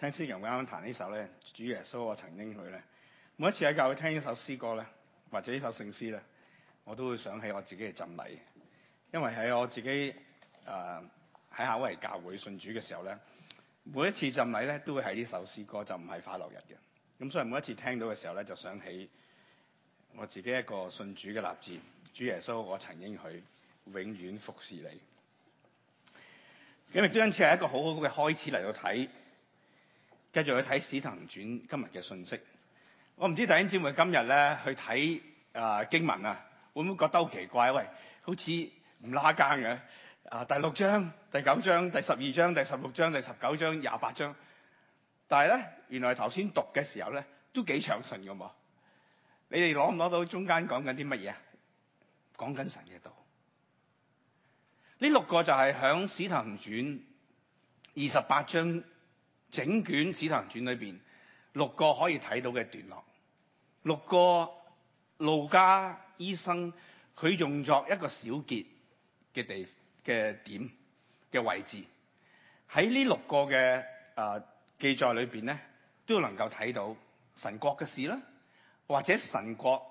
聽司琴佢啱啱彈呢首咧，主耶穌我曾應許你，每一次喺教會聽呢首詩歌咧，或者呢首聖詩咧，我都會想起我自己嘅浸禮，因為喺我自己啊喺夏威夷教會信主嘅時候咧，每一次浸禮咧都會係呢首詩歌就唔係快樂日嘅，咁所以每一次聽到嘅時候咧就想起我自己一個信主嘅立志，主耶穌我曾應許永遠服侍你，咁亦都因此係一個好好嘅開始嚟到睇。繼續去睇《使徒行傳》今日嘅信息，我唔知弟兄姊妹今日咧去睇啊經文啊，會唔會覺得好奇怪？喂，好似唔拉更嘅啊！第六章、第九章、第十二章、第十六章、第十九章、廿八章，但係咧，原來頭先讀嘅時候咧都幾詳盡㗎喎。你哋攞唔攞到中間講緊啲乜嘢？講緊神嘅道。呢六個就係響《使徒行傳》二十八章。整卷史裡面《使徒行傳裏邊六個可以睇到嘅段落，六個路加醫生佢用作一個小結嘅地嘅點嘅位置，喺呢六個嘅誒、呃、記載裏邊咧，都能夠睇到神國嘅事啦，或者神國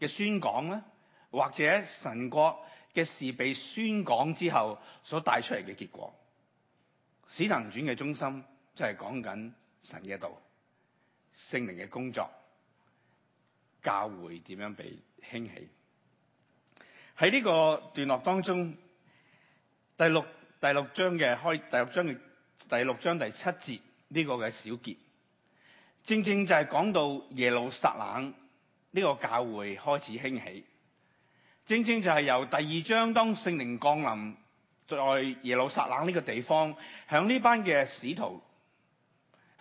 嘅宣講啦，或者神國嘅事被宣講之後所帶出嚟嘅結果，《使徒行傳嘅中心。就係、是、講緊神嘅道、聖靈嘅工作、教會點樣被興起。喺呢個段落當中，第六第六章嘅第六章嘅第，第六章第七節呢、這個嘅小結，正正就係講到耶路撒冷呢個教會開始興起。正正就係由第二章當聖靈降臨在耶路撒冷呢個地方，向呢班嘅使徒。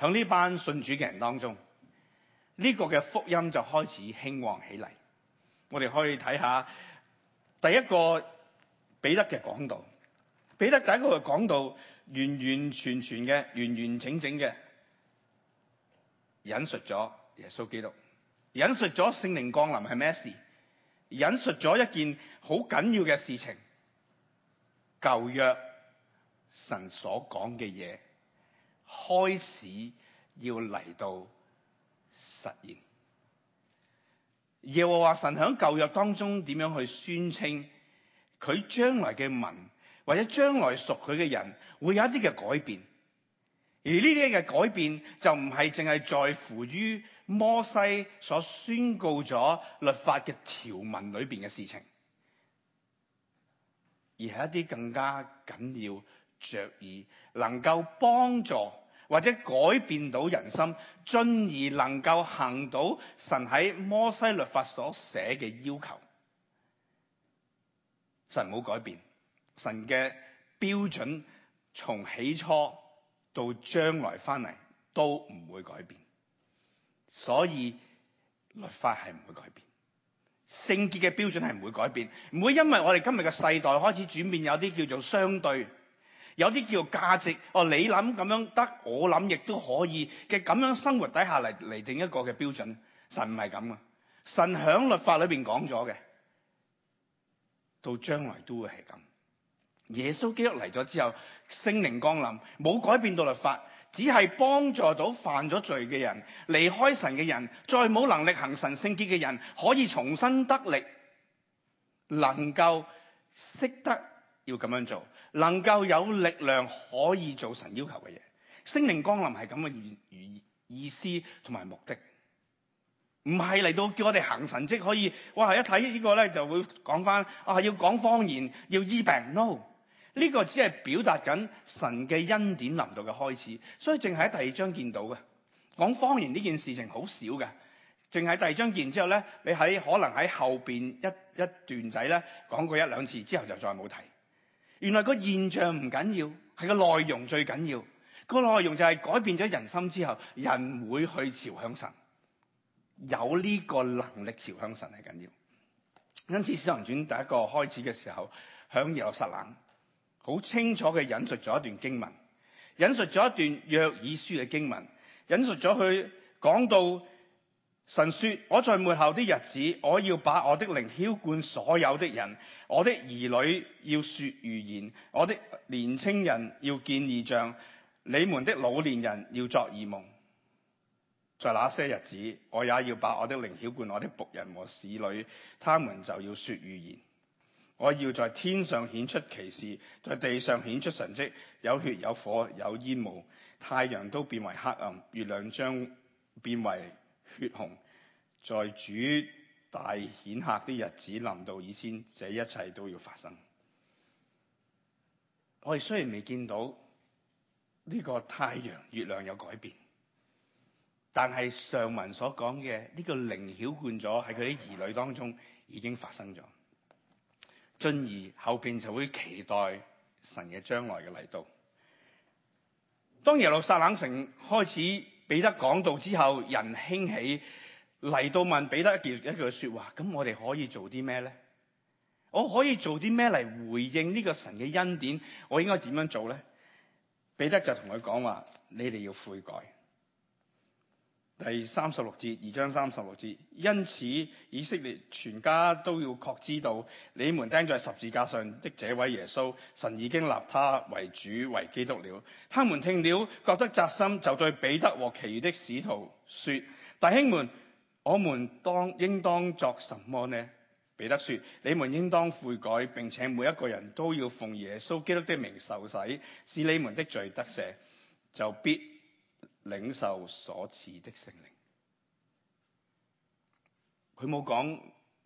響呢班信主嘅人當中，呢個嘅福音就開始興旺起嚟。我哋可以睇下第一個彼得嘅講道。彼得第一個嘅講道完完全全嘅完完整整嘅引述咗耶穌基督，引述咗聖靈降臨係咩事，引述咗一件好緊要嘅事情。舊約神所講嘅嘢，開始要嚟到實現，耶和華神喺舊約當中點樣去宣稱佢將來嘅民，或者將來屬佢嘅人會有一啲嘅改變，而呢啲嘅改變就唔係淨係在乎於摩西所宣告咗律法嘅條文裏邊嘅事情，而係一啲更加緊要着意，能夠幫助。或者改變到人心，進而能夠行到神喺摩西律法所寫嘅要求。神冇改變，神嘅標準從起初到將來翻嚟都唔會改變。所以律法係唔會改變，聖潔嘅標準係唔會改變，唔會因為我哋今日嘅世代開始轉變，有啲叫做相對。有啲叫價值哦，你諗咁樣得，我諗亦都可以嘅，咁樣生活底下嚟嚟定一個嘅標準，神唔係咁啊，神響律法裏邊講咗嘅，到將來都會係咁。耶穌基督嚟咗之後，聖靈降臨，冇改變到律法，只係幫助到犯咗罪嘅人、離開神嘅人、再冇能力行神聖潔嘅人，可以重新得力，能夠識得要咁樣做。能夠有力量可以做神要求嘅嘢，聖靈降臨係咁嘅意意思同埋目的，唔係嚟到叫我哋行神蹟可以，哇！一睇呢個咧就會講翻啊，要講方言要醫、e、病，no！呢、這個只係表達緊神嘅恩典臨到嘅開始，所以淨係喺第二章見到嘅講方言呢件事情好少嘅，淨係第二章見之後咧，你喺可能喺後邊一一段仔咧講過一兩次之後就再冇提。原來個現象唔緊要，係個內容最緊要。個內容就係改變咗人心之後，人會去朝向神，有呢個能力朝向神係緊要。因此《使徒行傳》第一個開始嘅時候，響耶路撒冷，好清楚嘅引述咗一段經文，引述咗一段約珥書嘅經文，引述咗佢講到。神說：我在末後的日子，我要把我的靈澆灌所有的人，我的兒女要說預言，我的年輕人要見異象，你們的老年人要作異夢。在那些日子，我也要把我的靈澆灌我的僕人和使女，他們就要說預言。我要在天上顯出奇事，在地上顯出神蹟，有血有火有煙霧，太陽都變為黑暗，月亮將變為。血紅。在主大顯赫的日子臨到以先，這一切都要發生。我哋雖然未見到呢個太陽、月亮有改變，但係上文所講嘅呢個靈曉灌咗喺佢啲兒女當中已經發生咗，進而後邊就會期待神嘅將來嘅嚟到。當耶路撒冷城開始彼得講道之後，人興起嚟到問彼得一句一句說話，咁我哋可以做啲咩咧？我可以做啲咩嚟回應呢個神嘅恩典？我應該點樣做咧？彼得就同佢講話：你哋要悔改。係三十六節，二章三十六節。因此，以色列全家都要確知道，你們釘在十字架上的這位耶穌，神已經立他為主為基督了。他們聽了，覺得扎心，就對彼得和其餘的使徒說：弟兄們，我們當應當作什麼呢？彼得說：你們應當悔改，並且每一個人都要奉耶穌基督的名受洗，使你們的罪得赦，就必。領受所賜的聖靈，佢冇講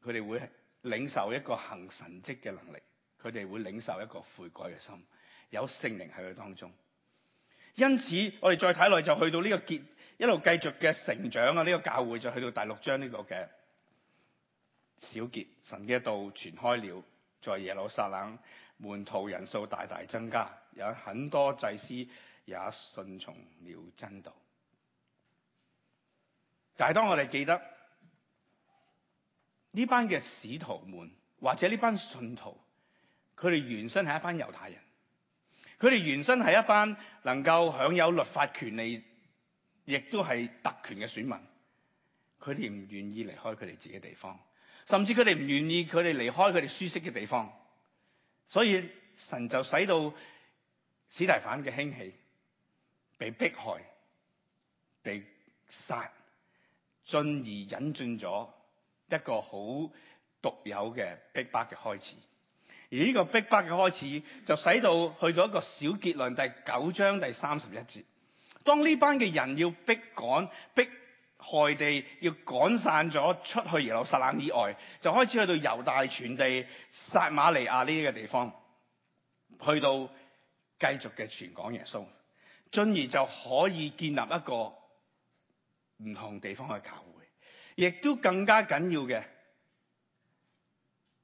佢哋會領受一個行神蹟嘅能力，佢哋會領受一個悔改嘅心，有聖靈喺佢當中。因此，我哋再睇落就去到呢個結，一路繼續嘅成長啊！呢、呢個教會就去到第六章呢個嘅小結，神嘅道傳開了，在耶路撒冷門徒人數大大增加，有很多祭司。也信從了真道。但係當我哋記得呢班嘅使徒們或者呢班信徒，佢哋原身係一班猶太人，佢哋原身係一班能夠享有律法權利，亦都係特權嘅選民。佢哋唔願意離開佢哋自己的地方，甚至佢哋唔願意佢哋離開佢哋舒適嘅地方。所以神就使到史提反嘅興起。被迫害，被殺，進而引進咗一個好獨有嘅逼迫嘅開始。而呢個逼迫嘅開始就，就使到去到一個小結論，第九章第三十一節。當呢班嘅人要逼趕、逼害地要趕散咗出去耶路撒冷以外，就開始去到猶大全地、撒瑪利亞呢個地方，去到繼續嘅傳講耶穌。進而就可以建立一個唔同地方嘅教會，亦都更加緊要嘅。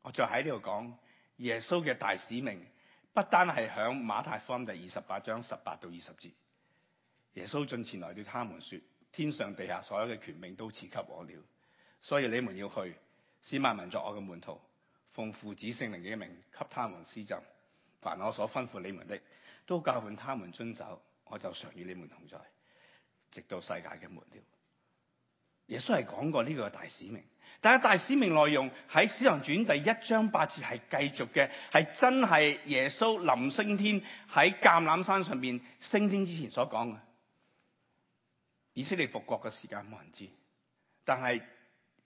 我就喺呢度講耶穌嘅大使命，不單係響馬太福音第二十八章十八到二十節，耶穌進前來對他們說：天上地下所有嘅權柄都賜給我了，所以你們要去，使萬民作我嘅門徒，奉父子聖靈嘅名給他們施浸，凡我所吩咐你們的，都教訓他們遵守。我就常與你們同在，直到世界嘅末了。耶穌係講過呢個大使命，但係大使命內容喺《使徒行傳》第一章八節係繼續嘅，係真係耶穌臨升天喺橄欖山上邊升天之前所講嘅。以色列復國嘅時間冇人知，但係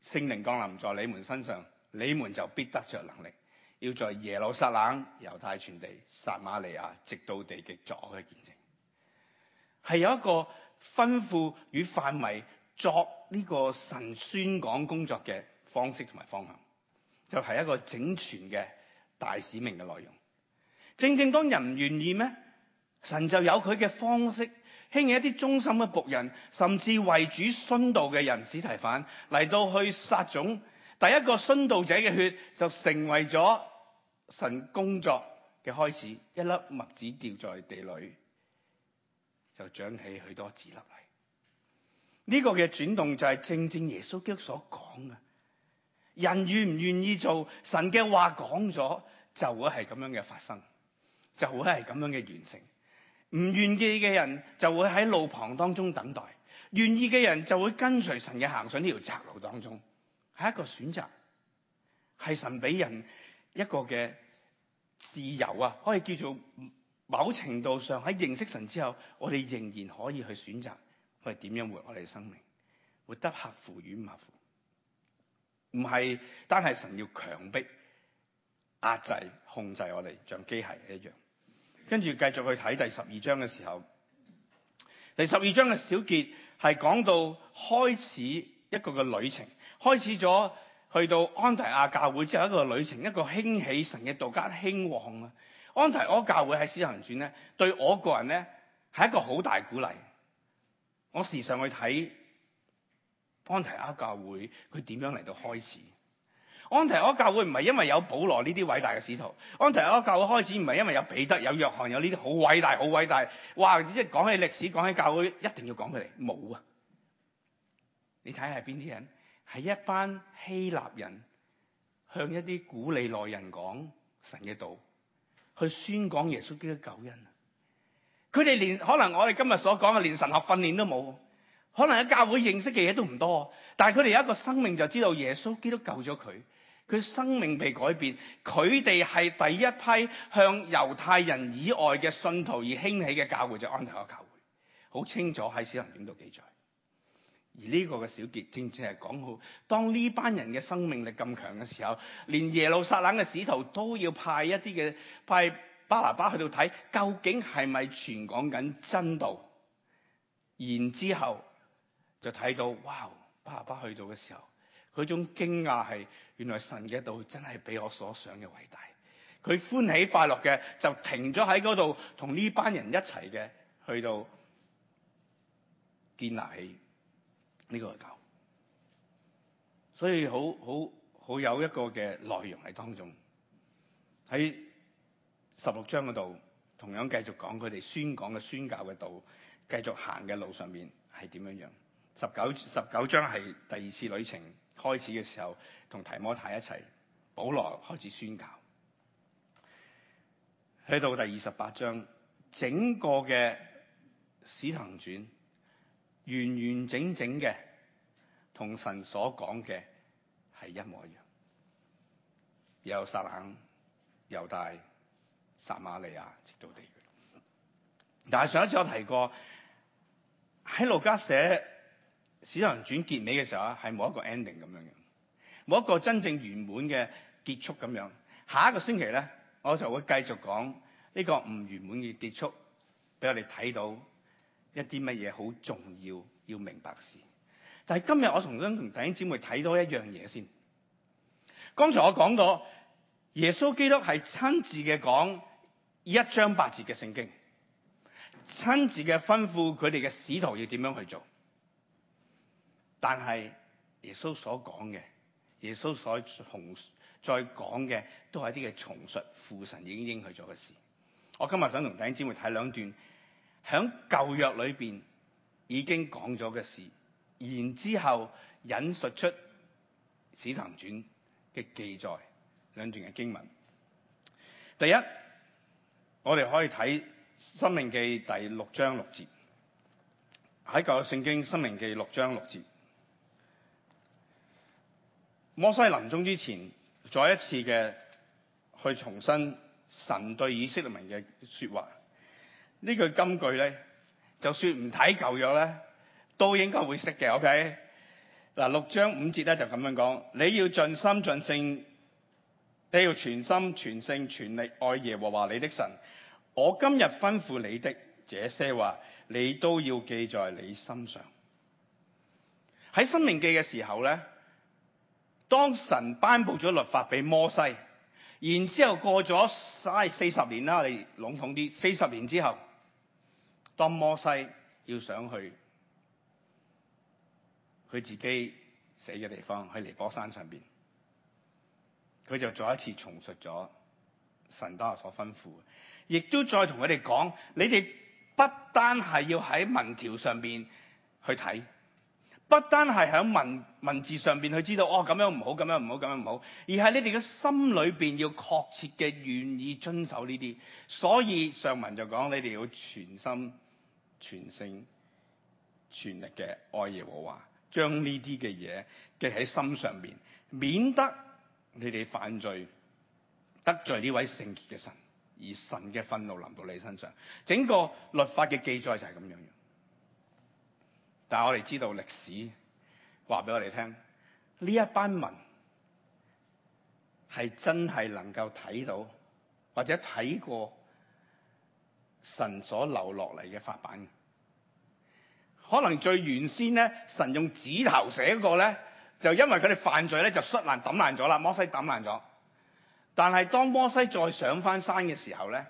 聖靈降臨在你們身上，你們就必得着能力，要在耶路撒冷、猶太全地、撒瑪利亞，直到地極作我嘅見證。係有一個吩咐與範圍，作呢個神宣講工作嘅方式同埋方向，就係一個整全嘅大使命嘅內容。正正當人唔願意咩，神就有佢嘅方式，興起一啲忠心嘅僕人，甚至為主殉道嘅人士提犯，司提反嚟到去撒種，第一個殉道者嘅血就成為咗神工作嘅開始，一粒麥子掉在地裏。就長起許多籽粒嚟，呢個嘅轉動就係正正耶穌基督所講嘅，人願唔願意做，神嘅話講咗就會係咁樣嘅發生，就會係咁樣嘅完成。唔願意嘅人就會喺路旁當中等待，願意嘅人就會跟隨神嘅行上呢條窄路當中，係一個選擇，係神俾人一個嘅自由啊，可以叫做。某程度上喺認識神之後，我哋仍然可以去選擇我哋點樣活我哋嘅生命，活得合乎與唔合乎，唔係單係神要強迫、壓制、控制我哋，像機械一樣。跟住繼續去睇第十二章嘅時候，第十二章嘅小結係講到開始一個嘅旅程，開始咗去到安提阿教會之後一個旅程，一個興起神嘅道家興旺啊。安提阿教會喺《使行傳》咧，對我個人咧係一個好大鼓勵。我時常去睇安提阿教會佢點樣嚟到開始。安提阿教會唔係因為有保羅呢啲偉大嘅使徒，安提阿教會開始唔係因為有彼得、有約翰、有呢啲好偉大、好偉大，哇！即係講起歷史、講起教會，一定要講佢哋冇啊！你睇下邊啲人，係一班希臘人向一啲古利奈人講神嘅道。去宣講耶穌基督救恩，佢哋連可能我哋今日所講嘅連神學訓練都冇，可能喺教會認識嘅嘢都唔多，但係佢哋有一個生命，就知道耶穌基督救咗佢，佢生命被改變，佢哋係第一批向猶太人以外嘅信徒而興起嘅教會，就安提阿教會，好，就是，清楚喺《使徒行傳》度記載。而呢個嘅小結正正係講好，當呢班人嘅生命力咁強嘅時候，連耶路撒冷嘅使徒都要派一啲嘅派巴拿巴去到睇，究竟係咪全講緊真道？然之後就睇到，哇！巴拿巴去到嘅時候，佢嗰種驚訝係原來神嘅道真係比我所想嘅偉大。佢歡喜快樂嘅就停咗喺嗰度，同呢班人一齊嘅去到建立起。呢、這個係教，所以好好好有一個嘅內容喺當中。喺十六章嗰度，同樣繼續講佢哋宣講嘅宣教嘅道，繼續行嘅路上面係點樣樣。十九十九章係第二次旅程開始嘅時候，同提摩太一齊，保羅開始宣教。去到第二十八章，整個嘅使徒行傳。完完整整嘅，同神所講嘅係一模一樣。耶路撒冷、猶大、撒瑪利亞直到地。但係上一次我提過，喺路加寫《使徒行傳》結尾嘅時候，係冇一個 ending 咁樣嘅，冇一個真正圓滿嘅結束咁樣。下一個星期咧，我就會繼續講呢、這個唔圓滿嘅結束俾我哋睇到。一啲乜嘢好重要的要明白的事，但係今日我重新同弟兄姊妹睇多一樣嘢先。剛才我講到，耶穌基督係親自嘅講一章八節嘅聖經，親自嘅吩咐佢哋嘅使徒要點樣去做。但係耶穌所講嘅，耶穌所重再講嘅，都係啲嘅重述父神已經應許咗嘅事。我今日想同弟兄姊妹睇兩段。響舊約裏邊已經講咗嘅事，然之後引述出《使徒行傳》嘅記載兩段嘅經文。第一，我哋可以睇《申命記》第六章六節，喺舊約聖經《申命記》六章六節，摩西臨終之前再一次嘅去重申神對以色列民嘅說話。呢句金句咧，就算唔睇舊約咧，都應該會識嘅。OK，嗱六章五節咧就咁樣講，你要盡心盡性，你要全心全性全力愛耶和華你的神。我今日吩咐你的這些話，你都要記在你心上。喺申命記嘅時候咧，當神頒佈咗律法俾摩西，然之後過咗晒四十年啦，你籠統啲，四十年之後。當摩西要想去佢自己死嘅地方，喺尼波山上邊，佢就再一次重述咗神多亞所吩咐，亦都再同佢哋講：你哋不單係要喺文條上面去睇，不單係喺文文字上面去知道哦，咁樣唔好，咁樣唔好，咁樣唔好，而係你哋嘅心裏面要確切嘅願意遵守呢啲。所以上文就講你哋要全心。全勝、全力嘅愛耶和華，將呢啲嘅嘢記喺心上面，免得你哋犯罪得罪呢位聖潔嘅神，而神嘅憤怒臨到你身上。整個律法嘅記載就係咁樣樣。但係我哋知道歷史話俾我哋聽，呢一班民係真係能夠睇到或者睇過。神所留落嚟嘅法板，可能最原先咧，神用指頭寫嗰個咧，就因為佢哋犯罪咧，就摔爛抌爛咗啦。摩西抌爛咗，但係當摩西再上翻山嘅時候咧，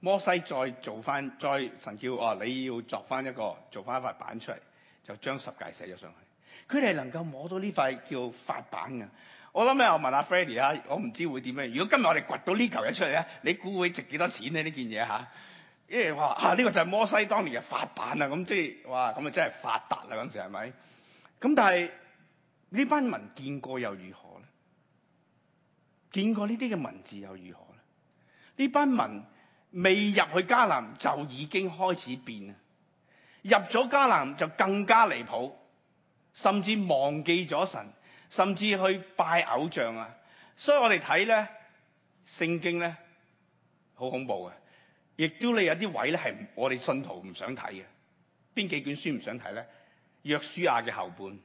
摩西再做翻再神叫哦，你要作翻一個做翻一塊板出嚟，就將十誡寫咗上去。佢哋能夠摸到呢塊叫法板嘅，我諗啊，我問阿 Freddy 啊，我唔知會點樣。如果今日我哋掘到呢嚿嘢出嚟咧，你估會值幾多錢呢？呢件嘢吓？即係話啊，呢、這個就係摩西當年嘅法版啦，咁即係哇，咁啊真係發達啦嗰陣時係咪？咁但係呢班民見過又如何咧？見過呢啲嘅文字又如何咧？呢班民未入去迦南就已經開始變啊！入咗迦南就更加離譜，甚至忘記咗神，甚至去拜偶像啊！所以我哋睇咧聖經咧，好恐怖嘅。亦都你有啲位咧係我哋信徒唔想睇嘅，邊幾卷書唔想睇咧？約書亞嘅後半，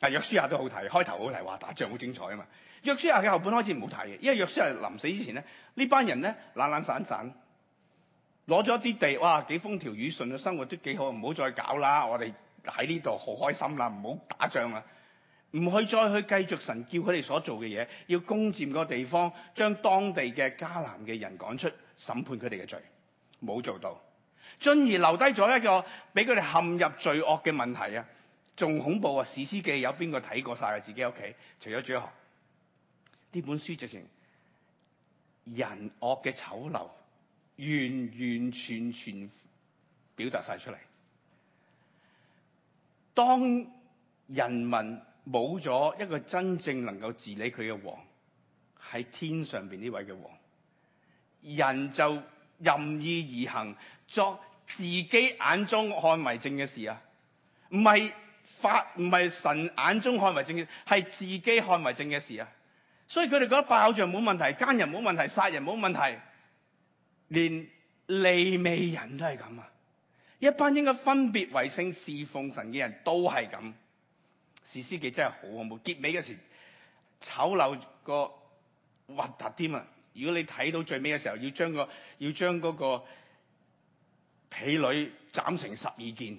嗱約書亞都好睇，開頭好嚟，話打仗好精彩啊嘛。約書亞嘅後半開始唔好睇嘅，因為約書亞臨死之前咧，呢班人咧懶懶散散，攞咗啲地，哇幾，風調雨順嘅生活都幾好，唔好再搞啦，我哋喺呢度好開心啦，唔好打仗啦，唔去再去繼續神叫佢哋所做嘅嘢，要攻占個地方，將當地嘅迦南嘅人趕出，審判佢哋嘅罪。冇做到，進而留低咗一個俾佢哋陷入罪惡嘅問題啊！仲恐怖啊！士師記有邊個睇過晒啊？自己屋企，除咗主學呢本書，就成人惡嘅醜陋，完完全全表達晒出嚟。當人民冇咗一個真正能夠治理佢嘅王，喺天上邊呢位嘅王，人就。任意而行，作自己眼中看為正嘅事啊！唔係法，唔係神眼中看為正嘅，係自己看為正嘅事啊！所以佢哋覺得拜偶像冇問題，奸人冇問題，殺人冇問題，連利未人都係咁啊！一班應該分別為聖侍奉神嘅人都係咁。士師記真係好恐怖，結尾嘅時醜陋個核突添啊！如果你睇到最尾嘅時候，要將、嗰個要將嗰個婢女斬成十二件，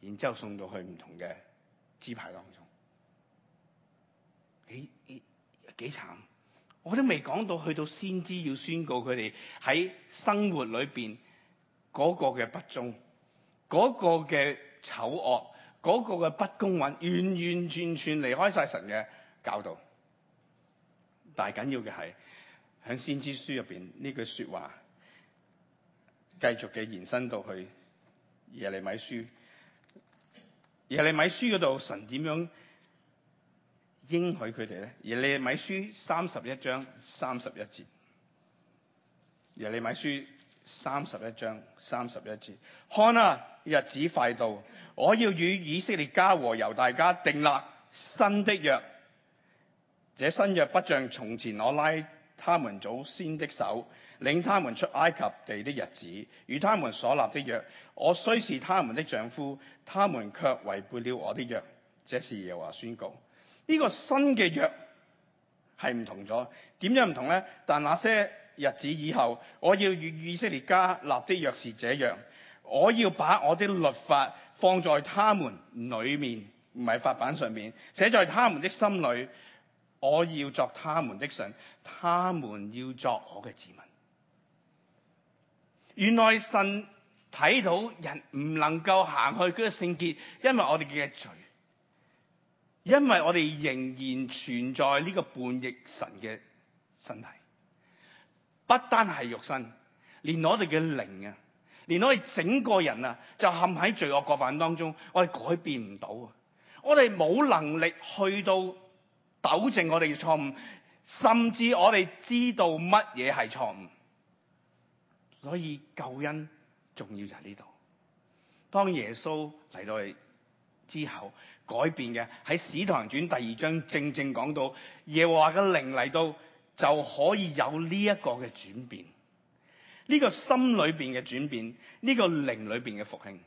然之後送到去唔同嘅支派當中，幾幾幾慘！我都未講到去到先知要宣告佢哋喺生活裏邊嗰個嘅不忠、嗰、嗰個嘅醜惡、嗰、嗰個嘅不公允，完完全全離開曬神嘅教導。大緊要嘅係喺先知書入面呢句說話，繼續嘅延伸到去耶利米書，耶利米書嗰度神點樣應許佢哋咧？耶利米書三十一章三十一節，耶利米書三十一章三十一節，看啊，日子快到，我要與以色列家和猶大家定立新的約。這新約不像從前我拉他們祖先的手，領他們出埃及地的日子，與他們所立的約。我雖是他們的丈夫，他們卻違背了我的約。這是耶和華宣告。呢個新嘅約係唔同咗。點樣唔同呢？但那些日子以後，我要與以色列家立的約是這樣：我要把我的律法放在他們裏面，唔係法版上面，寫在他們的心裏。我要作他們的神，他們要作我嘅子民。原來神睇到人唔能夠行去佢嘅聖潔，因為我哋嘅罪，因為我哋仍然存在呢個叛逆神嘅身體，不單係肉身，連我哋嘅靈啊，連我哋整個人啊，就陷喺罪惡過犯當中，我哋改變唔到，我哋冇能力去到。糾正我哋嘅錯誤，甚至我哋知道乜嘢係錯誤，所以救恩重要就係呢度。當耶穌嚟到之後，改變嘅喺《使徒行傳》第二章正正講到，到，耶和華嘅靈嚟到就可以有呢一個嘅轉變。呢、這個心裏邊嘅轉變，呢、這個靈裏邊嘅復興。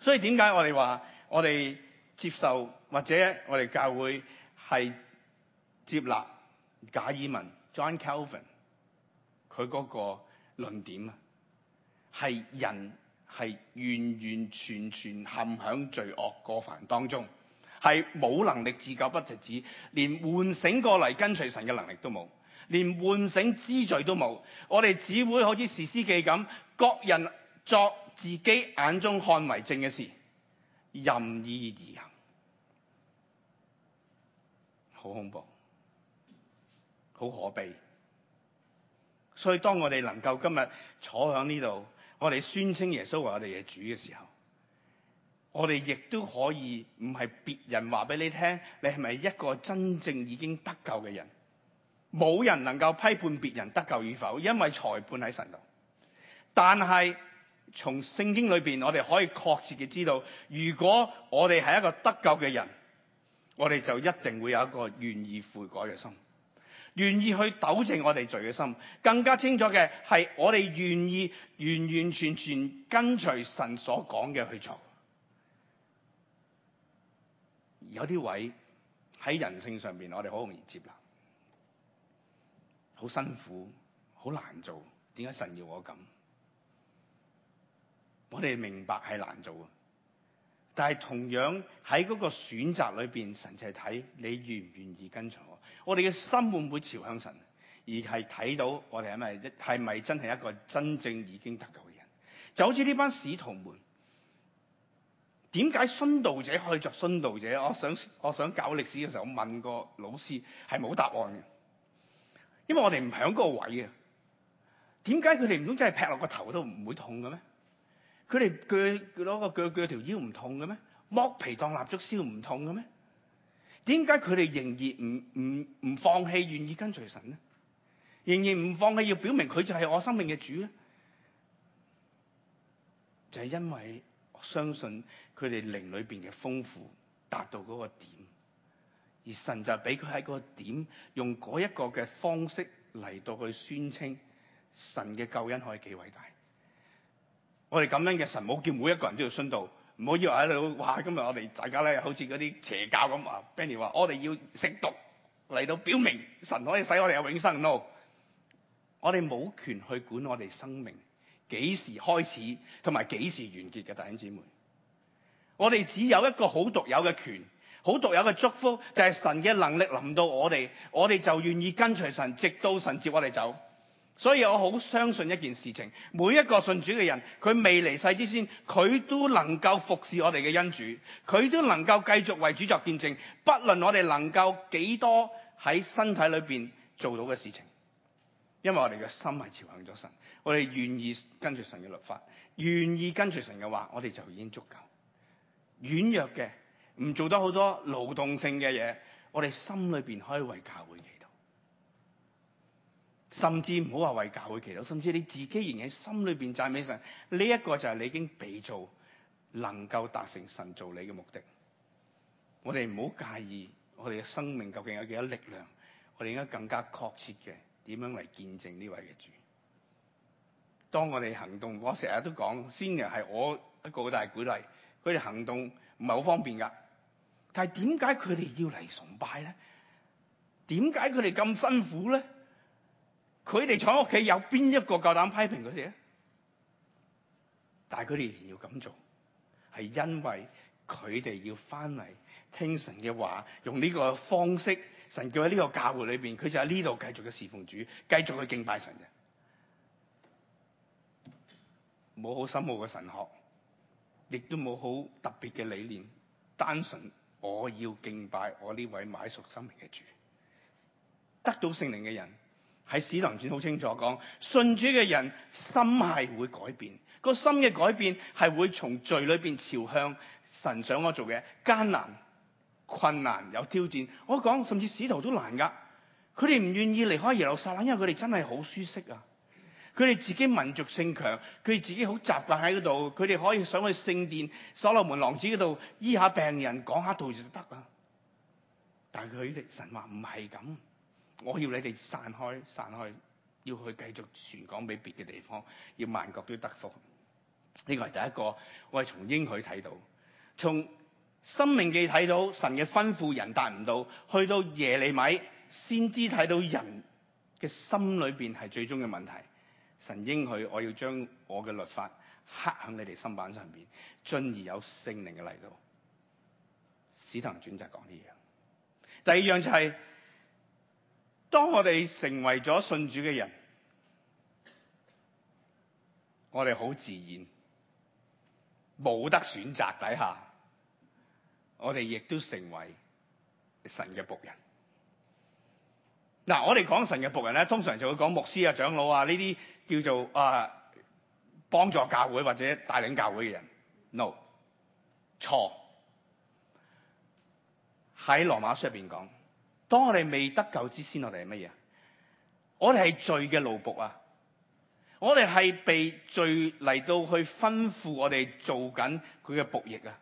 所以點解我哋話我哋接受或者我哋教會？係接納加爾文 John Calvin 佢個論點啊，係人係完完全全陷響罪惡過犯當中，係冇能力自救不特止，連喚醒過嚟跟隨神嘅能力都冇，連喚醒之罪都冇，我哋只會好似《士師記》咁，各人作自己眼中看為正嘅事，任意而行。好恐怖，好可悲。所以當我哋能夠今日坐喺呢度，我哋宣稱耶穌為我哋嘅主嘅時候，我哋亦都可以唔係別人話俾你聽，你係咪一個真正已經得救嘅人？冇人能夠批判別人得救與否，因為裁判喺神度。但係從聖經裏邊，我哋可以確切嘅知道，如果我哋係一個得救嘅人。我哋就一定會有一個願意悔改嘅心，願意去糾正我哋罪嘅心，更加清楚嘅係我哋願意完完全全跟隨神所講嘅去做。有啲位喺人性上邊，我哋好容易接納，好辛苦，好難做。點解神要我咁？我哋明白係難做啊！但係同樣喺嗰個選擇裏邊，神就係睇你願唔願意跟隨我。我哋嘅心會唔會朝向神？而係睇到我哋係咪係咪真係一個真正已經得救嘅人？就好似呢班使徒們，點解殉道者去作殉道者？我想我想教歷史嘅時候，我問過老師，係冇答案嘅，因為我哋唔響嗰個位啊。點解佢哋唔通真係劈落個頭都唔會痛嘅咩？佢哋鋸攞個鋸鋸條腰唔痛嘅咩？剝皮當蠟燭燒唔痛嘅咩？點解佢哋仍然唔唔唔放棄，願意跟隨神咧？仍然唔放棄要表明佢就係我生命嘅主咧？就係因為我相信佢哋靈裏邊嘅豐富達到嗰個點，而神就俾佢喺嗰個點用一個嘅方式嚟到去宣稱神嘅救恩可以幾偉大。我哋咁樣嘅神，冇叫每一個人都要殉道，唔好以為喺度，哇！今日我哋大家咧，好似嗰啲邪教咁啊。Benny 話我哋要食毒嚟到表明神可以使我哋有永生。No，我哋冇權去管我哋生命幾時開始，同埋幾時完結嘅。弟兄姊妹，我哋只有一個好獨有嘅權，好獨有嘅祝福，就係、是、神嘅能力臨到我哋，我哋就願意跟隨神，直到神接我哋走。所以我好相信一件事情，每一個信主嘅人，佢未離世之先，佢都能夠服侍我哋嘅恩主，佢都能夠繼續為主作見證。不論我哋能夠幾多喺身體裏邊做到嘅事情，因為我哋嘅心係朝向咗神，我哋願意跟隨神嘅律法，願意跟隨神嘅話，我哋就已經足夠。軟弱嘅，唔做得好多勞動性嘅嘢，我哋心裏邊可以為教會嘅。甚至唔好話為教會祈禱，甚至你自己仍然喺心裏邊讚美神，呢一個就係你已經被造能夠達成神造你嘅目的。我哋唔好介意，我哋嘅生命究竟有幾多力量？我哋應該更加確切嘅點樣嚟見證呢位嘅主。當我哋行動，我成日都講，先人係我一個好大鼓勵。佢哋行動唔係好方便噶，但係點解佢哋要嚟崇拜咧？點解佢哋咁辛苦咧？佢哋坐屋企，有邊一個夠膽批評佢哋啊？但係佢哋仍然要咁做，係因為佢哋要翻嚟聽神嘅話，用呢個方式，神叫喺呢個教會裏邊，佢就喺呢度繼續嘅侍奉主，繼續去敬拜神嘅。冇好深奧嘅神學，亦都冇好特別嘅理念，單純我要敬拜我呢位買贖生命嘅主，得到聖靈嘅人。喺《使徒行傳》好清楚講，信主嘅人心係會改變，個心嘅改變係會從罪裏邊朝向神想我做嘅。艱難、困難、有挑戰，我講甚至使徒都難噶。佢哋唔願意離開耶路撒冷，因為佢哋真係好舒適啊。佢哋自己民族性強，佢哋自己好習慣喺嗰度，佢哋可以上去聖殿所、所羅門廊子嗰度醫下病人、講下道就得啦。但係佢哋神話唔係咁。我要你哋散開，散開，要去繼續傳講俾別嘅地方，要萬國都要得福。呢個係第一個，我係從應許睇到，從申命記睇到神嘅吩咐人達唔到，去到耶利米先知睇到人嘅心裏邊係最終嘅問題。神應許我要將我嘅律法刻響你哋心板上邊，進而有聖靈嘅嚟到。使徒行傳就係講呢樣，第二樣就係、是。當我哋成為咗信主嘅人，我哋好自然，冇得選擇底下，我哋亦都成為神嘅僕人。嗱，我哋講神嘅僕人咧，通常就會講牧師啊、長老啊呢啲叫做啊、呃、幫助教會或者帶領教會嘅人。冇錯。喺羅馬書入邊講當我哋未得救之先，我哋係乜嘢？我哋係罪嘅奴僕啊！我哋係被罪嚟到去吩咐我哋做緊佢嘅僕役啊！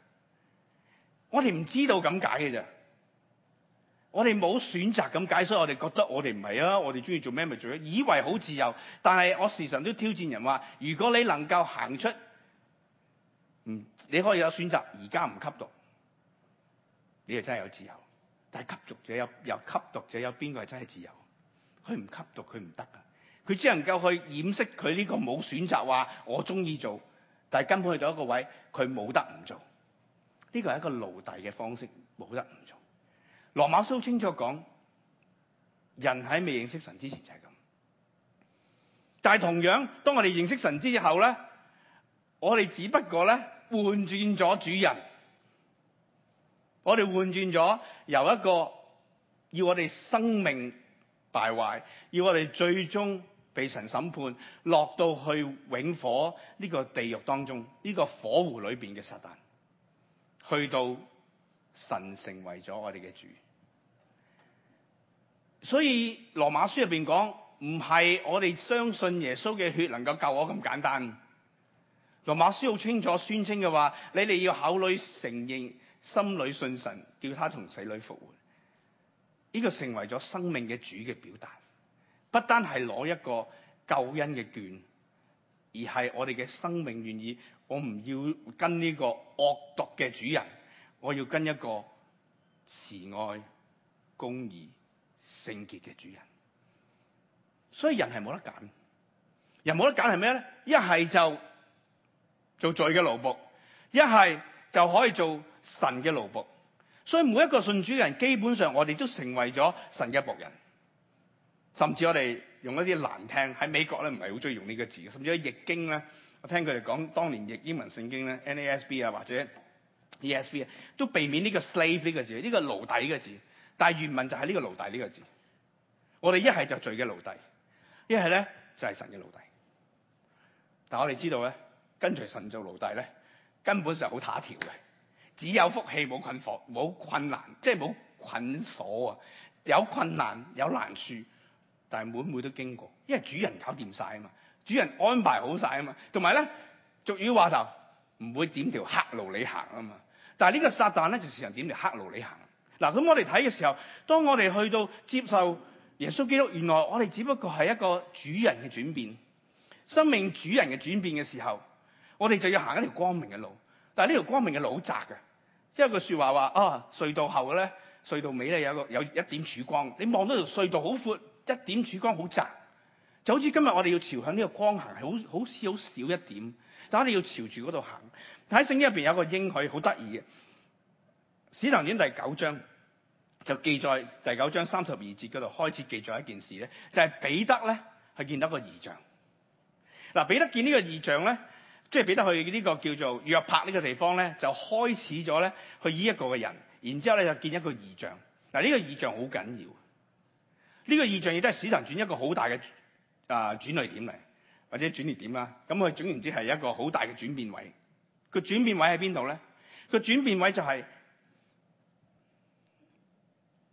我哋唔知道咁解嘅啫，我哋冇選擇咁解，所以我哋覺得我哋唔係啊！我哋中意做咩咪做啊，以為好自由。但係我時常都挑戰人話：如果你能夠行出，嗯，你可以有選擇，而家唔吸毒，你係真係有自由。但係吸毒者有，有吸毒者有，邊個係真係自由？佢唔吸毒佢唔得啊！佢只能夠去掩飾佢呢個冇選擇，話我中意做，但係根本去到一個位，佢冇得唔做。呢個係一個奴隸嘅方式，冇得唔做。羅馬書清楚講，人喺未認識神之前就係咁。但係同樣，當我哋認識神之後咧，我哋只不過咧換轉咗主人。我哋換轉咗，由一個要我哋生命敗壞，要我哋最終被神審判，落到去永火呢個地獄當中，呢個火湖裏面嘅撒旦，去到神成為咗我哋嘅主。所以羅馬書入面講，唔係我哋相信耶穌嘅血能夠救我咁簡單。羅馬書好清楚宣稱嘅話，你哋要考慮承認。心裏信神，叫他同死女復活。呢、這個成為咗生命嘅主嘅表達，不單係攞一個救恩嘅券，而係我哋嘅生命願意，我唔要跟呢個惡毒嘅主人，我要跟一個慈愛、公義、聖潔嘅主人。所以人係冇得揀，人冇得揀係咩咧？一係就做罪嘅奴僕，一係。就可以做神嘅奴僕，所以每一個信主嘅人，基本上我哋都成為咗神嘅僕人，甚至我哋用一啲難聽喺美國咧，唔係好中意用呢個字，甚至喺易經咧，我聽佢哋講當年譯英文聖經咧，NASB 啊或者 ESB 啊，都避免呢個 slave 呢個字，呢個奴隸呢個字，但係原文就係呢個奴隸呢個字，我哋一係就罪嘅奴隸，一係咧就係神嘅奴隸，但我哋知道咧，跟隨神做奴隸咧。根本上好坦條嘅，只有福氣冇困惑，冇困難，即係冇捆鎖啊！有困難有難處，但係每每都經過，因為主人搞掂晒啊嘛，主人安排好晒啊嘛，同埋咧俗語話頭唔會點條黑路你行啊嘛。但係呢個撒旦咧就時常點條黑路你行。嗱，咁我哋睇嘅時候，當我哋去到接受耶穌基督，原來我哋只不過係一個主人嘅轉變，生命主人嘅轉變嘅時候。我哋就要行一條光明嘅路，但係呢條光明嘅路好窄㗎。即係有句話說話話啊，隧道後咧，隧道尾咧有個有一點曙光。你望到條隧道好闊，一點曙光好窄，就好似今日我哋要朝向呢個光行，係好好好少一點，但你要朝住嗰度行。喺聖經入邊有個應許好得意嘅，使徒行傳第九章就記載，第九章三十二節嗰度開始記載一件事咧，就係、是、彼得咧係見到個異象。嗱，彼得見個呢個異象咧。即係彼得去呢個叫做約帕呢個地方咧，就開始咗咧去以一個嘅人，然之後咧就見一個異象。嗱，呢個異象好緊要，呢、這個異象亦都係史上轉一個好大嘅啊轉捩點嚟，或者轉捩點啦。咁佢總言之係一個好大嘅轉變位。個轉變位喺邊度咧？個轉變位就係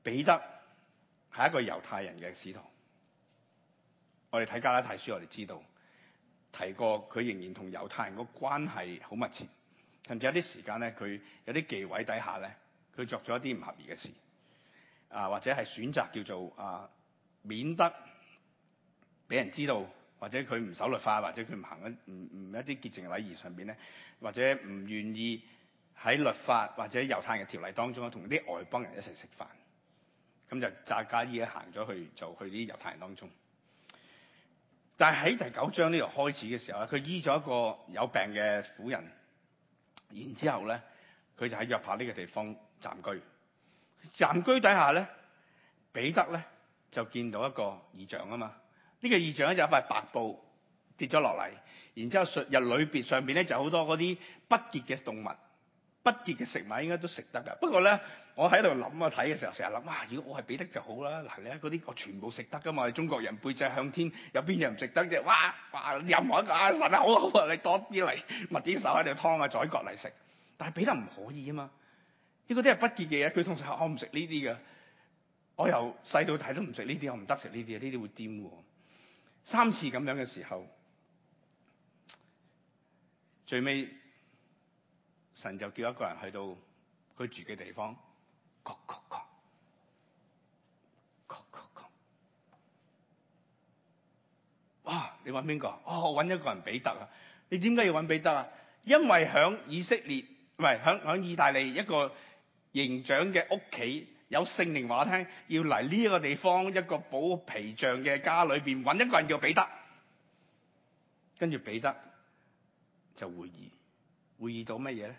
彼得係一個猶太人嘅使徒。我哋睇加拉太書，我哋知道。提過佢仍然同猶太人個關係好密切，甚至些有啲時間咧，佢有啲忌諱底下咧，佢作咗一啲唔合宜嘅事，啊或者係選擇叫做啊免得俾人知道，或者佢唔守律法，或者佢唔行不不一唔唔一啲潔淨禮儀上邊咧，或者唔願意喺律法或者猶太人嘅條例當中，同啲外邦人一齊食飯，咁就扎加依行咗去，就去啲猶太人當中。但係喺第九章呢度開始嘅時候咧，佢醫咗一個有病嘅婦人，然之後咧，佢就喺約帕呢個地方暫居。暫居底下咧，彼得咧就見到一個異象啊嘛！呢個異象咧就一塊白布跌咗落嚟，然之後術日裏邊上邊咧就好多嗰啲不潔嘅動物。不潔嘅食物應該都食得噶，不過咧，我喺度諗啊睇嘅時候，成日諗哇，如果我係彼得就好啦，嗱你睇嗰啲我全部食得噶嘛，我哋中國人背脊向天，有邊樣唔食得啫？哇哇，任何嘅神啊，好好啊，你多啲嚟，抹啲手喺度劏啊，宰割嚟食。但係彼得唔可以啊嘛，呢嗰啲係不潔嘅嘢，佢通常我唔食呢啲嘅，我由細到大都唔食呢啲，我唔得食呢啲，呢啲會黐喎。三次咁樣嘅時候，最尾。神就叫一個人去到佢住嘅地方，哇、啊！你揾邊個？哦、啊，揾一個人彼得啊！你點解要揾彼得啊？因為響以色列唔係響響意大利一個營長嘅屋企有聖靈話聽，要嚟呢一個地方一個保皮匠嘅家裏邊揾一個人叫彼得，跟住彼得就會議，會議到乜嘢咧？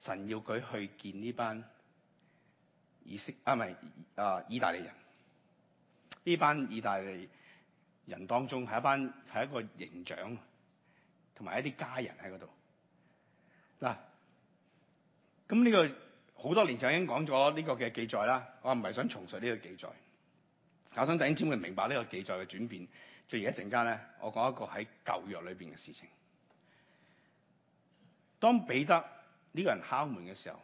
神要佢去見呢班以色啊，唔係啊，意大利人呢班意大利人當中係一班係一個營長，同埋一啲家人喺嗰度。嗱、呢個，咁呢個好多年前已經講咗呢個嘅記載啦。我唔係想重述呢個記載，我想等先會明白呢個記載嘅轉變。就而一陣間咧，我講一個喺舊約裏邊嘅事情。當彼得。呢個人敲門嘅時候，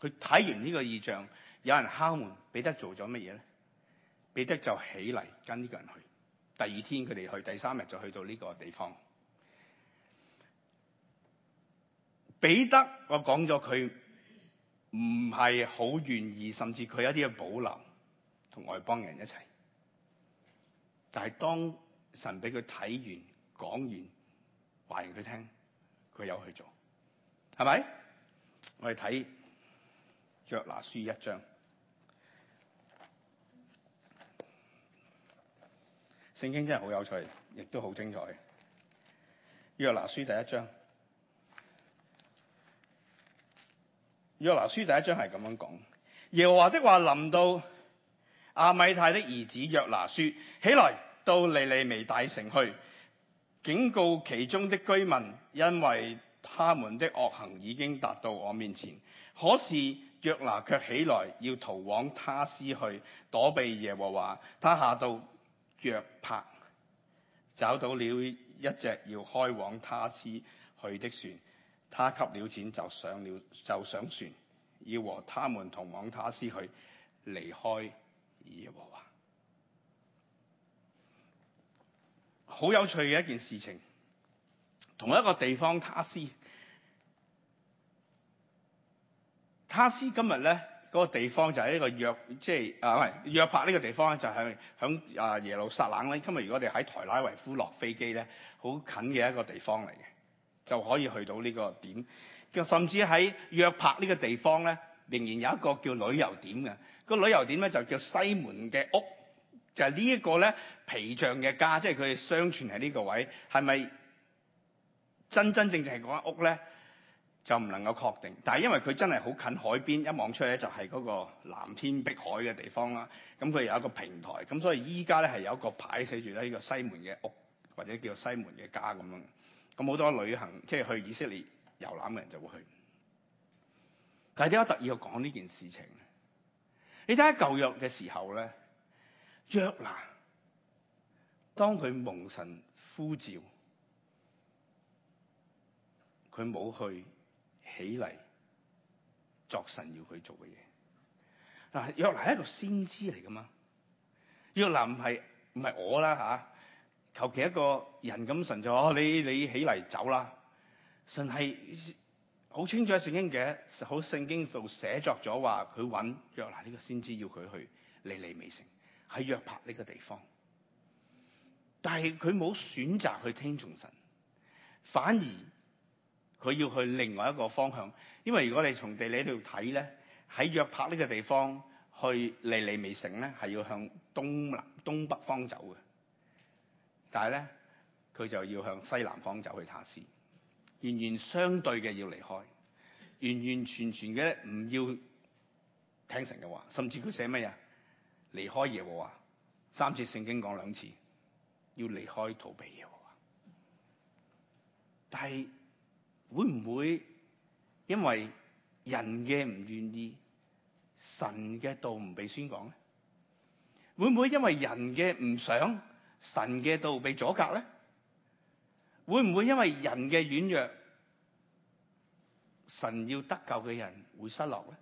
佢睇完呢個異象，有人敲門，彼得做咗乜嘢咧？彼得就起嚟跟呢個人去。第二天佢哋去，第三日就去到呢個地方。彼得，我講咗佢唔係好願意，甚至佢有啲嘅保留，同外邦的人一齊。但係當神俾佢睇完、講完、話完佢聽，佢有去做，係咪？我哋睇約拿書一章，聖經真係好有趣，亦都好精彩。約拿書第一章，約拿書第一章係咁樣講：耶和華的話臨到阿米太的兒子約拿書，說起來到利利微大城去，警告其中的居民，因為，他們的惡行已經達到我面前，可是約拿却起來要逃往他斯去躲避耶和華。他下到約帕，找到了一隻要開往他斯去的船，他給了錢就上了就上船，要和他們同往他斯去，離開耶和華。好有趣嘅一件事情。同一個地方，卡斯，卡斯今日咧嗰個地方就係一個約，即、就、係、是、啊唔係約帕呢個地方咧，就係響啊耶路撒冷咧。今日如果我哋喺台拉維夫落飛機咧，好近嘅一個地方嚟嘅，就可以去到呢個點。咁甚至喺約帕呢個地方咧，仍然有一個叫旅遊點嘅、嗰個旅遊點咧，就叫西門嘅屋，就係、是、呢一個咧皮匠嘅家，即係佢哋相傳喺呢個位，係咪？真真正正係嗰間屋咧，就唔能夠確定。但係因為佢真係好近海邊一望出去咧就係嗰個藍天碧海嘅地方啦。咁佢有一個平台，咁所以依家咧係有一個牌寫住咧呢個西門嘅屋，或者叫做西門嘅家咁樣，咁好多旅行即係、就是、去以色列遊覽嘅人就會去。但係點解特意去講呢件事情？你睇下舊約嘅時候咧，約拿當佢蒙神呼召。佢冇去起嚟作神要佢做嘅嘢。嗱，約拿係一個先知嚟噶嘛？約拿唔係唔係我啦吓，求、啊、其一個人咁神就，哦，你你起嚟走啦！神係好清楚的聖經嘅，好聖經度寫作咗話，佢搵約拿呢個先知要佢去尼尼微城喺約帕呢個地方。但係佢冇選擇去聽從神，反而，佢要去另外一個方向，因為如果你從地理度睇咧，喺約帕呢個地方去尼尼微城咧，係要向東南、東北方走嘅，但係咧佢就要向西南方走去他施，完全相對嘅要離開，完完全全嘅唔要聽神嘅話，甚至佢寫乜嘢？離開耶和華，三次聖經講兩次，要離開逃避耶和華，但係。會唔會因為人嘅唔願意，神嘅道唔被宣講咧？會唔會因為人嘅唔想，神嘅道被阻隔咧？會唔會因為人嘅軟弱，神要得救嘅人會失落咧？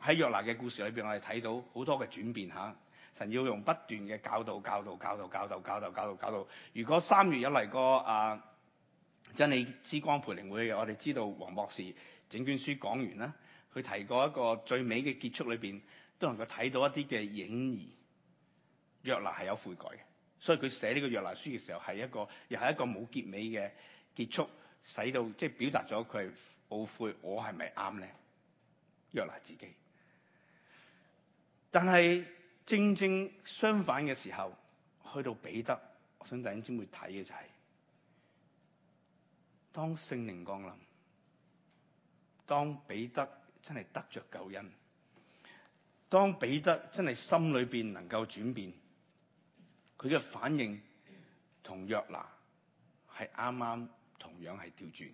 喺約拿嘅故事裏邊，我哋睇到好多嘅轉變吓。神要用不斷嘅教、教導、教導、教導、教導、教導、教導、教導。如果三月有嚟個啊？真理之光培靈會嘅，我哋知道黃博士整卷書講完啦，佢提過一個最美嘅結束，裏邊都能夠睇到一啲嘅影兒，約拿係有悔改嘅，所以佢寫呢個約拿書嘅時候係一個又係一個冇結尾嘅結束，使到即係表達咗佢係懊悔。我係咪啱咧？約拿自己，但係正正相反嘅時候，去到彼得，我想大家先會睇嘅就係、是。當聖靈降臨，當彼得真係得着救恩，當彼得真係心裏邊能夠轉變，佢嘅反應同約拿係啱啱同樣係調轉，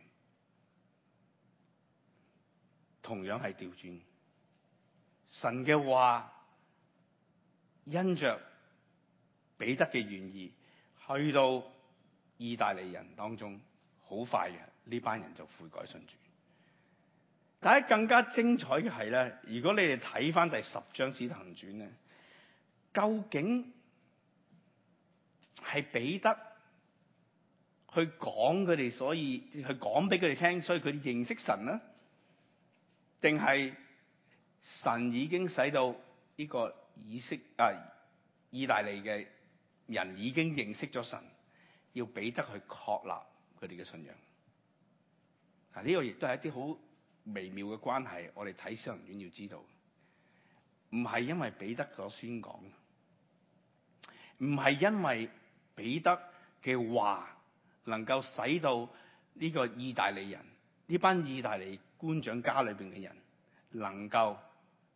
同樣係調轉。神嘅話因着彼得嘅願意，去到意大利人當中。好快嘅呢班人就悔改信主。但係更加精彩嘅係咧，如果你哋睇翻第十章《使徒行傳》咧，究竟係彼得去講佢哋，所以去講俾佢哋聽，所以佢哋認識神咧，定係神已經使到呢個以色啊、呃、意大利嘅人已經認識咗神，要彼得去確立。佢哋嘅信仰，嗱，呢個亦都係一啲好微妙嘅關係。我哋睇聖經要知道，唔係因為彼得所宣講，唔係因為彼得嘅話能夠使到呢個意大利人，呢班意大利官長家裏邊嘅人能夠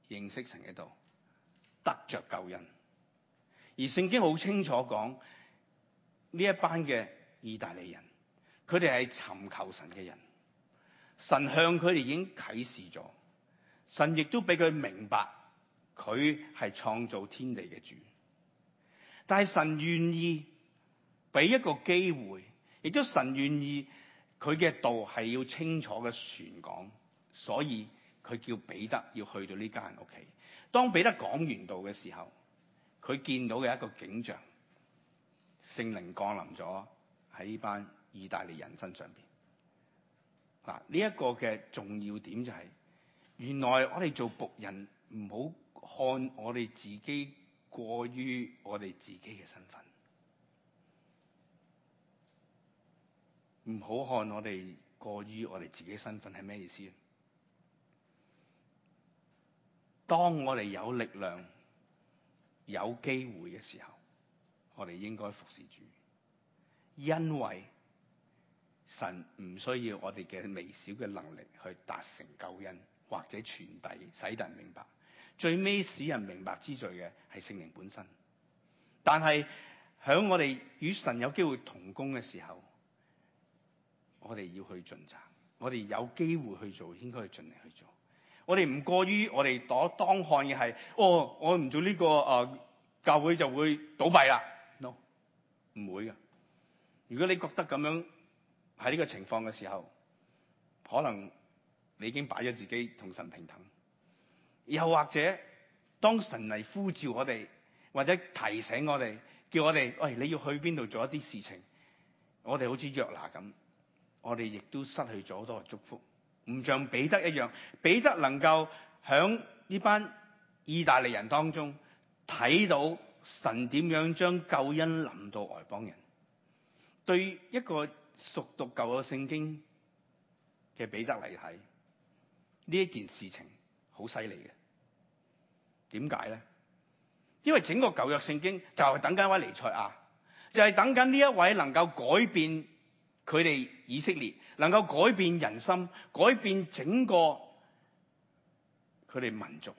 認識神嘅道，得着救恩。而聖經好清楚講呢一班嘅意大利人。佢哋係尋求神嘅人，神向佢哋已經啟示咗，神亦都俾佢明白佢係創造天地嘅主。但係神願意俾一個機會，亦都神願意佢嘅道係要清楚嘅傳講，所以佢叫彼得要去到呢間屋企。當彼得講完道嘅時候，佢見到嘅一個景象，聖靈降臨咗喺呢班。意大利人身上邊嗱。呢一個嘅重要點就係，原來我哋做僕人唔好看我哋自己過於我哋自己嘅身份。唔好看我哋過於我哋自己身份係咩意思？當我哋有力量、有機會嘅時候，我哋應該服侍主，因為神唔需要我哋嘅微小嘅能力去達成救恩，或者傳遞使得人明白。最尾使人明白之罪嘅係聖靈本身。但係響我哋與神有機會同工嘅時候，我哋要去盡責。我哋有機會去做，應該去盡力去做。我哋唔過於我哋躲當看嘅係，哦，我唔做呢，呢個誒、呃、教會就會倒閉啦。no，唔會嘅。如果你覺得咁樣，喺呢個情況嘅時候，可能你已經擺咗自己同神平等，又或者當神嚟呼召我哋，或者提醒我哋，叫我哋，喂、哎，你要去邊度做一啲事情，我哋好似約拿咁，我哋亦都失去咗好多祝福，唔像彼得一樣，彼得能夠響呢班意大利人當中睇到神點樣將救恩臨到外邦人，對一個。熟讀舊約聖經嘅彼得嚟睇呢一件事情好犀利嘅，點解咧？因為整個舊約聖經就係等緊位尼賽亞，就係等緊呢一位能夠改變佢哋以色列，能夠改變人心，改變整個佢哋民族，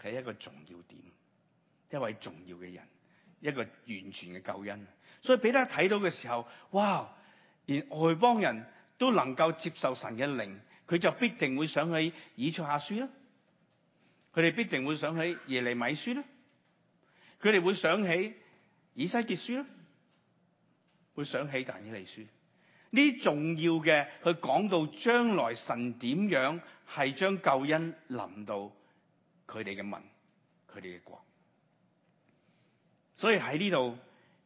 係一個重要點，一位重要嘅人，一個完全嘅救恩。所以彼得睇到嘅時候，哇！連外邦人都能夠接受神嘅靈，佢就必定會想起以賽亞書啦，佢哋必定會想起耶利米書啦，佢哋會想起以西結書啦，會想起但以理書。呢啲重要嘅，佢講到將來神點樣係將救恩臨到佢哋嘅民、佢哋嘅國。所以喺呢度，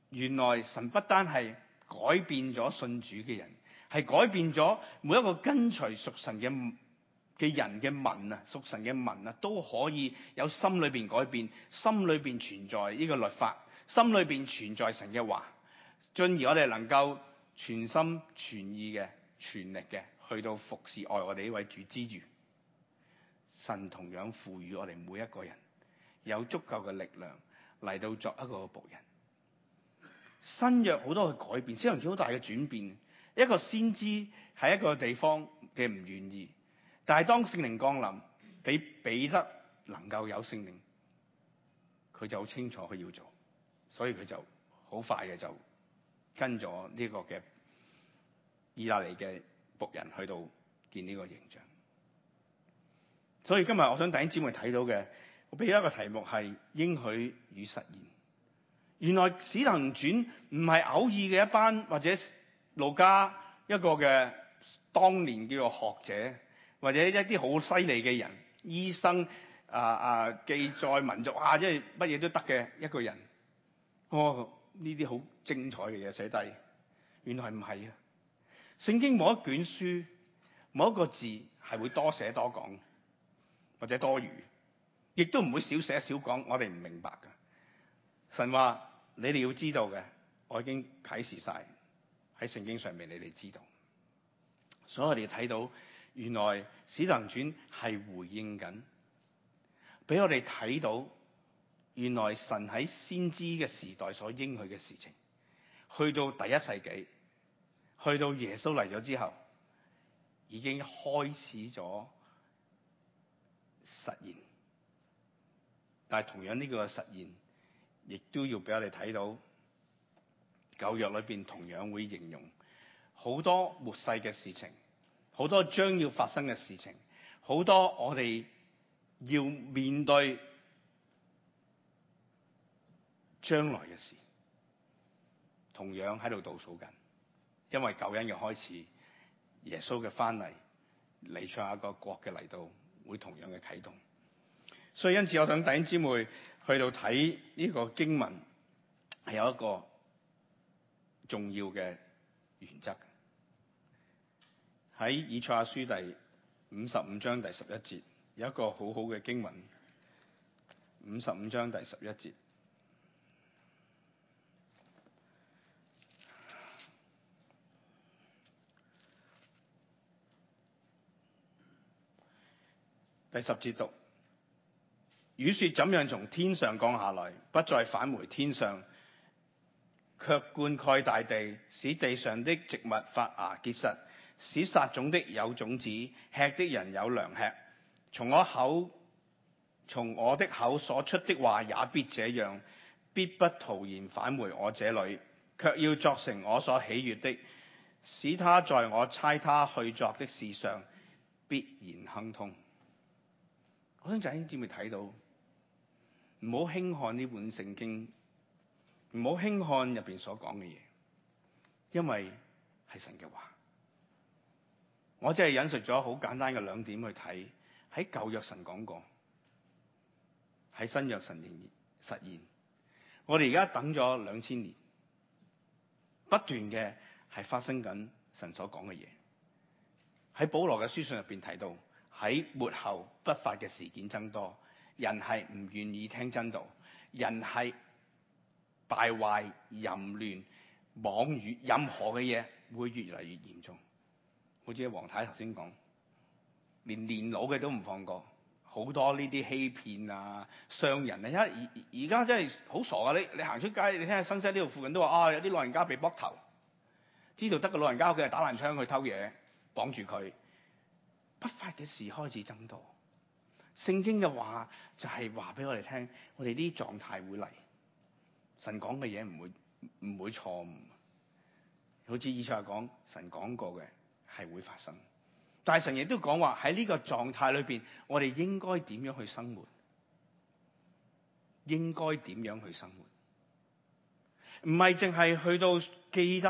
原來神不單係。改變咗信主嘅人，係改變咗每一個跟隨屬神嘅嘅人嘅民啊，屬神嘅民啊，都可以有心裏邊改變，心裏邊存在呢個律法，心裏邊存在神嘅話，進而我哋能夠全心全意嘅、全力嘅去到服侍愛我哋呢位主之餘，神同樣賦予我哋每一個人有足夠嘅力量嚟到作一個僕人。新約好多嘅改變，先王主好大嘅轉變。一個先知係一個地方嘅唔願意，但係當聖靈降臨，俾彼得能夠有聖靈，佢就好清楚佢要做，所以佢就好快嘅就跟咗呢個嘅意大利嘅僕人去到見呢個形象。所以今日我想第一節妹睇到嘅，我俾一個題目係應許與實現。原來《使徒行傳》唔係偶爾嘅一班或者老家一個嘅當年叫做學者，或者一啲好犀利嘅人，醫生啊啊記載民族啊，即係乜嘢都得嘅一個人。哦，呢啲好精彩嘅嘢寫低。原來唔係啊！聖經某一卷書，某一個字係會多寫多講，或者多餘，亦都唔會少寫少講。我哋唔明白噶。神話。你哋要知道嘅，我已經啟示晒喺聖經上面，你哋知道，所以我哋睇到原來使徒行傳係回應緊，俾我哋睇到原來神喺先知嘅時代所應許嘅事情，去到第一世紀，去到耶穌嚟咗之後，已經開始咗實現，但係同樣呢個實現。亦都要俾我哋睇到，舊約裏邊同樣會形容好多末世嘅事情，好多將要發生嘅事情，好多我哋要面對將來嘅事，同樣喺度倒數緊。因為舊約嘅開始，耶穌嘅翻嚟，嚟創一個國嘅嚟到，會同樣嘅啟動。所以因此，我想弟兄姊妹。去到睇呢個經文係有一個重要嘅原則。喺以賽亞書第五十五章第十一節有一個好好嘅經文，五十五章第十一節，第十節讀。雨雪怎樣從天上降下來，不再返回天上，卻灌溉大地，使地上的植物發芽結實，使撒種的有種子，吃的人有糧吃。從我口，從我的口所出的話也必這樣，必不徒然返回我這裏，卻要作成我所喜悅的，使他在我差他去作的事上必然亨通。 我想就喺呢啲睇到。唔好輕看呢本聖經，唔好輕看入邊所講嘅嘢，因為係神嘅話。我只係引述咗好簡單嘅兩點去睇，喺舊約神講過，喺新約神實現。我哋而家等咗兩千年，不斷嘅係發生緊神所講嘅嘢。喺保羅嘅書信入邊提到，喺末後不法嘅事件增多。人係唔願意聽真道，人係敗壞、淫亂、妄語，任何嘅嘢會越嚟越嚴重。好似阿黃太頭先講，連年老嘅都唔放過，好多呢啲欺騙啊、傷人啊，而而而家真係好傻啊，你你行出街，你睇下新西呢度附近都話啊，有啲老人家被剝頭，知道得個老人家屋企打爛窗去偷嘢，綁住佢，不法嘅事開始增多。聖經嘅話就係話俾我哋聽，我哋啲狀態會嚟。神講嘅嘢唔會唔會錯誤，好似以前話講，神講過嘅係會發生。但係神亦都講話喺呢個狀態裏邊，我哋應該點樣去生活？應該點樣去生活？唔係淨係去到記低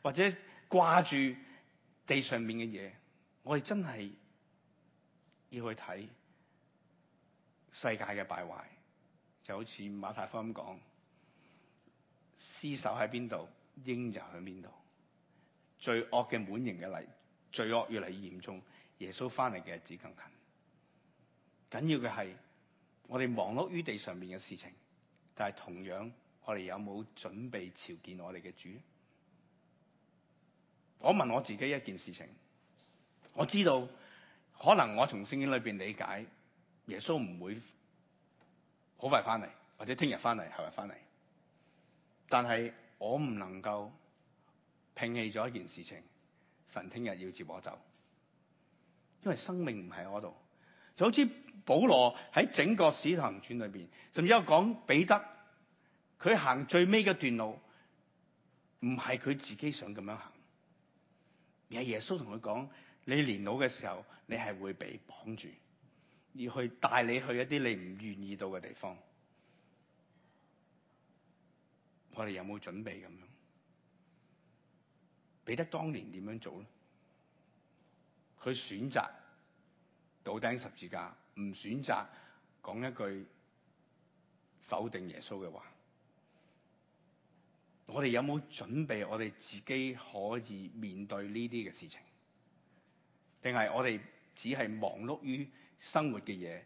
或者掛住地上面嘅嘢，我哋真係要去睇。世界嘅敗壞就好似馬太福音講，屍首喺邊度，鷹就喺邊度。罪惡嘅滿盈嘅嚟，罪惡越嚟越嚴重，耶穌翻嚟嘅日子更近。緊要嘅係我哋忙碌於地上面嘅事情，但係同樣我哋有冇準備朝見我哋嘅主？我問我自己一件事情：情我知道，可能我從聖經裏邊理解。耶穌唔會好快翻嚟，或者聽日翻嚟，後日翻嚟。但係我唔能夠摒棄咗一件事情，神聽日要接我走，因為生命唔喺我度。就好似保羅喺整個使徒行傳裏邊，甚至有講彼得，佢行最尾嘅段路，唔係佢自己想咁樣行，而係耶穌同佢講：你年老嘅時候，你係會被綁住。而去帶你去一啲你唔願意到嘅地方，我哋有冇準備咁樣？彼得當年點樣做咧？佢選擇倒釘十字架，唔選擇講一句否定耶穌嘅話。我哋有冇準備？我哋自己可以面對呢啲嘅事情，定係我哋只係忙碌於生活嘅嘢，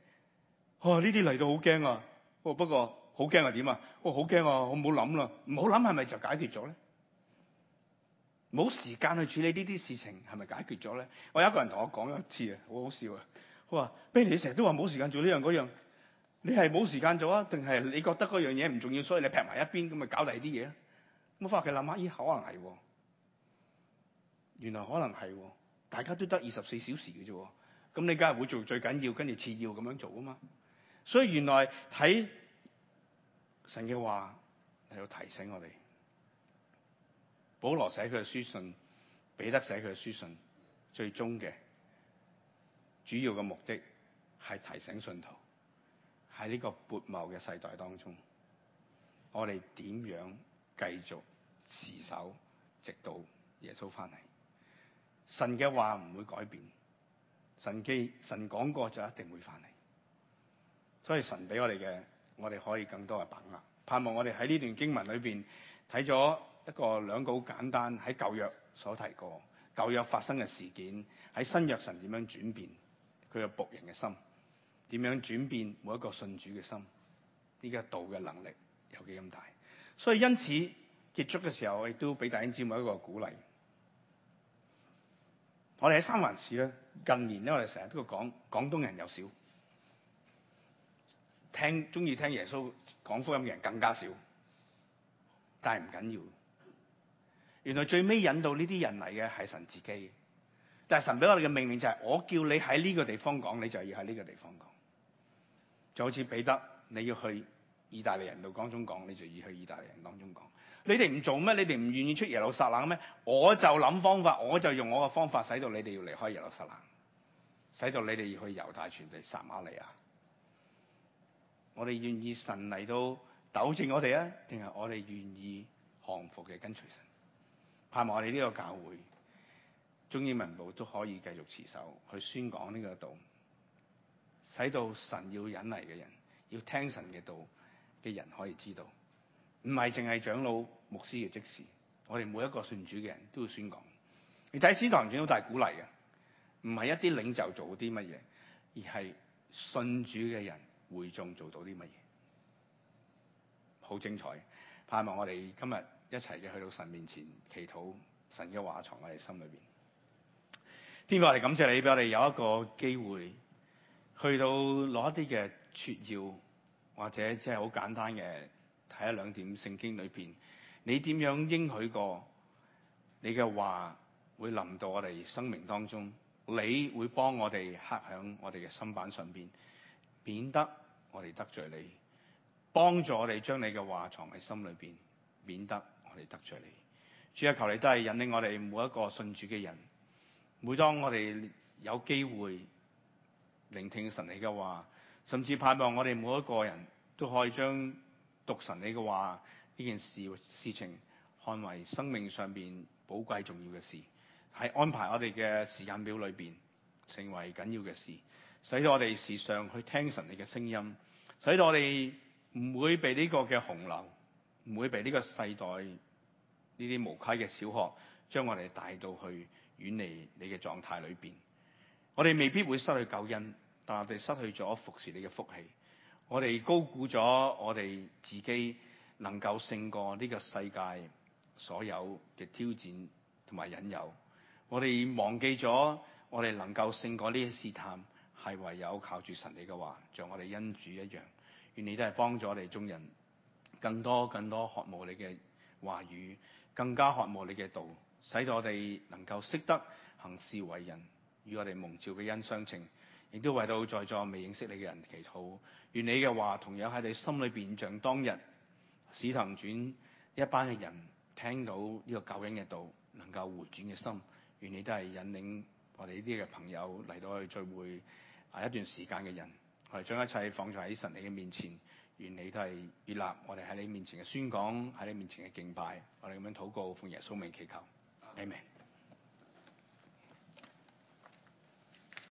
哇、啊！呢啲嚟到好驚啊！不過好驚係點啊？我好驚啊！我唔好諗啦，唔好諗係咪就解決咗咧？冇時間去處理呢啲事情，係咪解決咗咧？我有一個人同我講一次啊，好好笑啊！佢話：Benny，你成日都話冇時間做呢樣嗰樣，你係冇時間做啊？定係你覺得嗰樣嘢唔重要，所以你劈埋一邊咁咪搞第啲嘢？咁我翻屋企諗下，咦，可能係，原來可能係，大家都得二十四小時嘅啫。咁你梗係會做最緊要，跟住次要咁樣做啊嘛！所以原來睇神嘅話係要提醒我哋，保羅寫佢嘅書信，彼得寫佢嘅書信，最終嘅主要嘅目的係提醒信徒喺呢個悖謬嘅世代當中，我哋點樣繼續持守，直到耶穌翻嚟。神嘅話唔會改變。神記，神講過就一定會翻嚟，所以神俾我哋嘅，我哋可以更多嘅把握。盼望我哋喺呢段經文裏邊睇咗一個兩個好簡單喺舊約所提過，舊約發生嘅事件，喺新約神點樣轉變佢嘅僕人嘅心，點樣轉變每一個信主嘅心，呢個道嘅能力有幾咁大，所以因此結束嘅時候亦都俾大家知道一個鼓勵。我哋喺三藩市咧，近年咧，我哋成日都要講，廣東人又少，聽中意聽耶穌講福音嘅人更加少，但係唔緊要。原來最尾引導呢啲人嚟嘅係神自己，但係神俾我哋嘅命令就係、是：我叫你喺呢個地方講，你就要喺呢個地方講。就好似彼得，你要去意大利人度講中講，你就要去意大利人度中講。你哋唔做咩？你哋唔願意出耶路撒冷咩？我就諗方法，我就用我嘅方法，使到你哋要離開耶路撒冷，使到你哋要去猶大全地撒馬利亞。我哋願意神嚟到糾正我哋啊，定係我哋願意降服嘅跟隨神？盼望我哋呢個教會，中英文部都可以繼續持守去宣講呢個道，使到神要引嚟嘅人，要聽神嘅道嘅人可以知道。唔係淨係長老、牧師嘅職事，我哋每一個信主嘅人都要宣講。你睇《使徒行傳》好大鼓勵嘅，唔係一啲領袖做啲乜嘢，而係信主嘅人會仲做到啲乜嘢，好精彩。盼望我哋今日一齊嘅去到神面前祈禱，神嘅話藏喺我哋心裏邊。天父，我哋感謝你俾我哋有一個機會，去到攞一啲嘅撮要，或者即係好簡單嘅。喺一兩點聖經裏邊，你點樣應許過？你嘅話會臨到我哋生命當中，你會幫我哋刻響我哋嘅心板上邊，免得我哋得罪你。幫助我哋將你嘅話藏喺心裏邊，免得我哋得罪你。主啊，求你都係引領我哋每一個信主嘅人。每當我哋有機會聆聽神你嘅話，甚至盼望我哋每一個人都可以將。讀神你嘅話呢件事事情看為生命上邊寶貴重要嘅事，喺安排我哋嘅時間表裏邊成為緊要嘅事，使到我哋時常去聽神你嘅聲音，使到我哋唔會被呢個嘅洪流，唔會被呢個世代呢啲無稽嘅小學，將我哋帶到去遠離你嘅狀態裏邊。我哋未必會失去救恩，但係我哋失去咗服侍你嘅福氣。我哋高估咗我哋自己能夠勝過呢個世界所有嘅挑戰同埋引誘。我哋忘記咗我哋能夠勝過呢啲試探，係唯有靠住神你嘅話，像我哋恩主一樣。願你都係幫助我哋眾人更多更多渴慕你嘅話語，更加渴慕你嘅道，使到我哋能夠識得行事為人，與我哋蒙召嘅恩相稱。亦都為到在座未認識你嘅人祈禱。願你嘅話同樣喺你心裏邊，像當日使徒傳一班嘅人聽到呢個救恩嘅道，能夠回轉嘅心，願你都係引領我哋呢啲嘅朋友嚟到去聚會啊一段時間嘅人，我哋將一切放在喺神你嘅面前，願你都係悅納我哋喺你面前嘅宣講，喺你面前嘅敬拜，我哋咁樣禱告，奉耶穌名祈求，阿門。